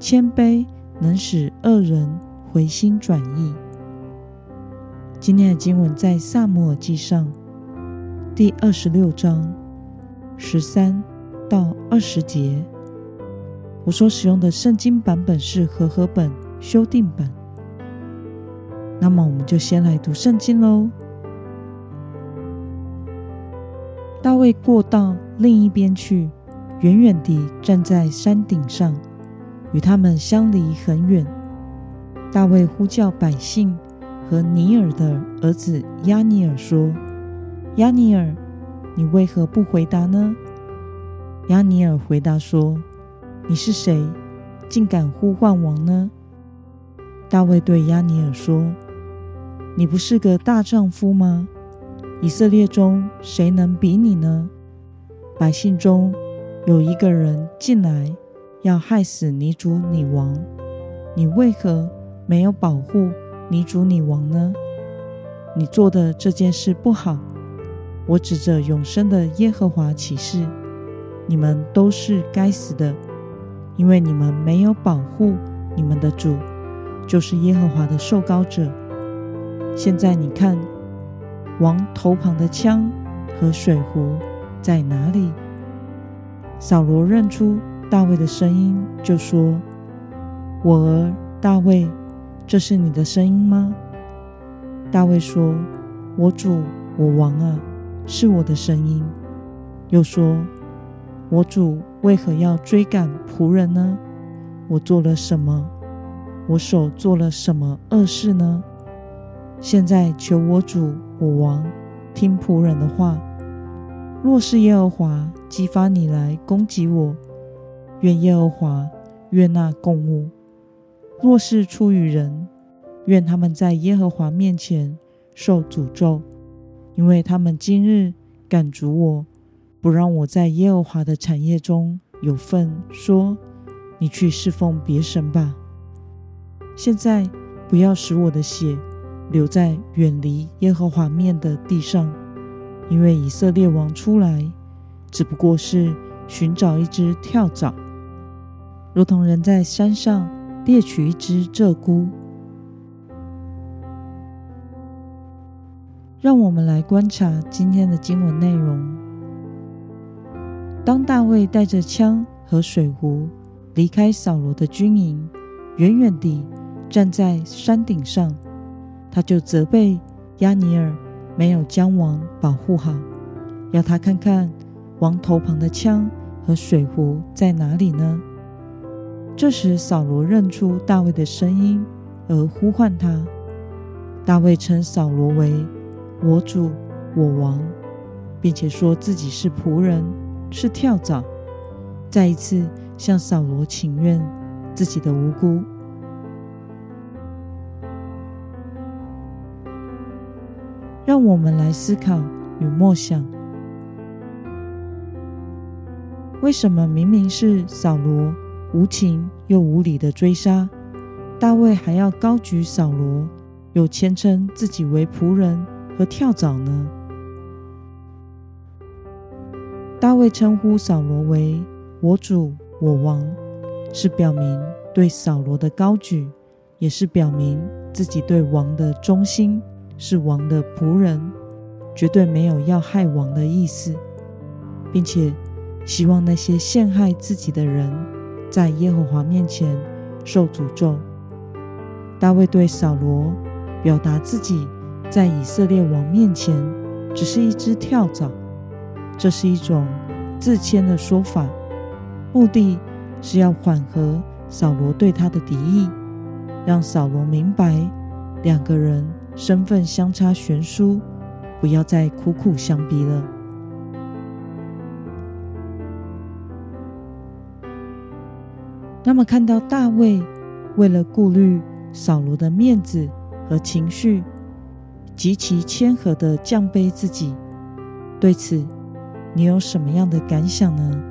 謙卑能使惡人回心轉意。今天的經文在《撒母耳記上》第二十六章十三到二十節。我所使用的聖經版本是和合本修訂版。那麼，我們就先來讀聖經嘍。大衛過到另一邊去，遠遠地站在山頂上。與他們相離很遠，大衛呼叫百姓和尼珥的兒子押尼珥說：“押尼珥，你為何不回答呢？”押尼珥回答說：“你是誰，竟敢呼喚王呢？”大衛對押尼珥說：“你不是個大丈夫嗎？以色列中誰能比你呢？”百姓中有一個人進來。要害死你主你王，你為何沒有保護你主你王呢？你做的這件事不好。我指着永生的耶和華起誓，你們都是該死的，因為你們沒有保護你們的主，就是耶和華的受膏者。現在你看，王頭旁的槍和水壺在哪裡？掃羅認出。大衛的聲音就說：“我兒大衛，這是你的聲音嗎？”大衛說：“我主我王啊，是我的聲音。”又說：“我主為何要追趕僕人呢？我做了什麼？我手做了什麼惡事呢？現在求我主我王聽僕人的話。若是耶和華激發你來攻擊我。”願耶和華悅納供物，若是出於人，願他們在耶和華面前受詛咒，因為他們今日趕逐我，不讓我在耶和華的產業中有份。說：“你去侍奉別神吧！”現在不要使我的血流在遠離耶和華面的地上，因為以色列王出來，只不過是尋找一隻跳蚤。如同人在山上獵取一隻鷓鴣。讓我們來觀察今天的經文內容。當大衛帶着槍和水壺離開掃羅的軍營，遠遠地站在山頂上，他就責備押尼珥沒有將王保護好，要他看看王頭旁的槍和水壺在哪裡呢？這時，掃羅認出大衛的聲音，而呼喚他。大衛稱掃羅為“我主、我王”，並且說自己是僕人，是跳蚤，再一次向掃羅請願自己的無辜。讓我們來思考與默想：為什麼明明是掃羅，無情又無理的追殺，大衛還要高舉掃羅，又謙稱自己為僕人和跳蚤呢？大衛稱呼掃羅為“我主、我王”，是表明對掃羅的高舉，也是表明自己對王的忠心，是王的僕人，絕對沒有要害王的意思，並且希望那些陷害自己的人，在耶和華面前受詛咒。大衛對掃羅表達自己在以色列王面前只是一隻跳蚤，這是一種自謙的說法，目的是要緩和掃羅對他的敵意，讓掃羅明白兩個人身份相差懸殊，不要再苦苦相逼了。那麼，看到大衛為了顧慮掃羅的面子和情緒，極其謙和的降卑自己，對此你有什麼樣的感想呢？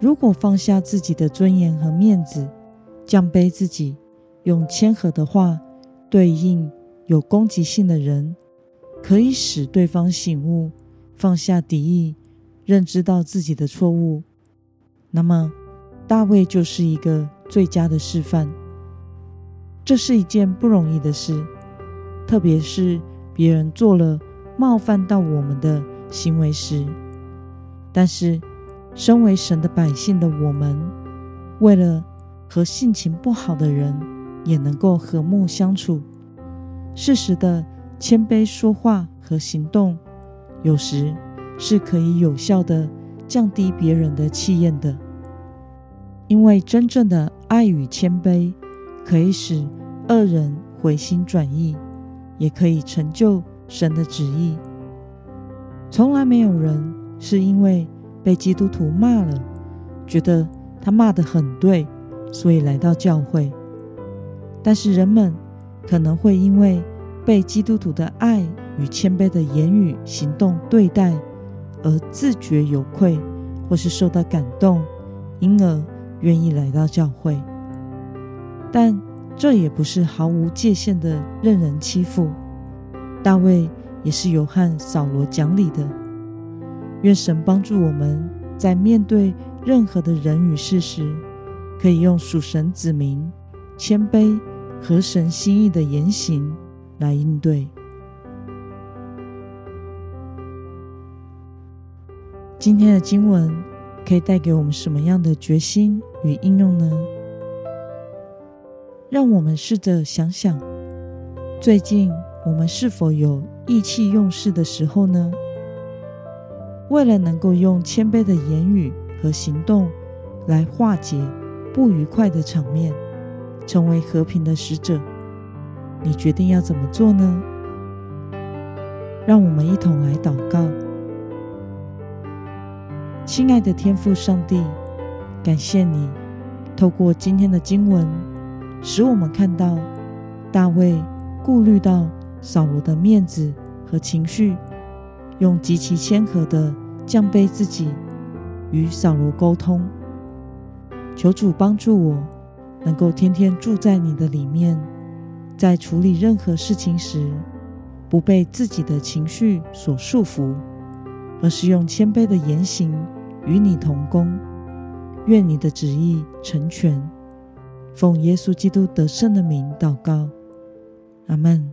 如果放下自己的尊嚴和面子，降卑自己，用謙和的話對應有攻擊性的人，可以使對方醒悟，放下敵意，認知到自己的錯誤。那麼，大衛就是一個最佳的示範。這是一件不容易的事，特別是別人做了冒犯到我們的行為時。但是，身為神的百姓的我們，為了和性情不好的人也能夠和睦相處，適時的謙卑說話和行動，有時是可以有效的。降低別人的氣焰的，因為真正的愛與謙卑可以使惡人回心轉意，也可以成就神的旨意。從來沒有人是因為被基督徒罵了，覺得他罵的很對，所以來到教會。但是人們可能會因為被基督徒的愛與謙卑的言語行動對待。而自覺有愧，或是受到感動，因而願意來到教會。但這也不是毫無界線的任人欺負。大衛也是有和掃羅講理的。願神幫助我們在面對任何的人與事時，可以用屬神子民、謙卑合神心意的言行來應對。今天的經文可以帶給我們什麼樣的決心與應用呢？讓我們試着想想，最近我們是否有意氣用事的時候呢？為了能夠用謙卑的言語和行動來化解不愉快的場面，成為和平的使者，你決定要怎麼做呢？讓我們一同來禱告。親愛的天父上帝，感謝你透過今天的經文，使我們看到大衛顧慮到掃羅的面子和情緒，用極其謙和的降卑自己與掃羅溝通。求主幫助我，能夠天天住在你的裡面，在處理任何事情時，不被自己的情緒所束縛，而是用謙卑的言行，與你同工，願你的旨意成全。奉耶穌基督得勝的名禱告，阿門。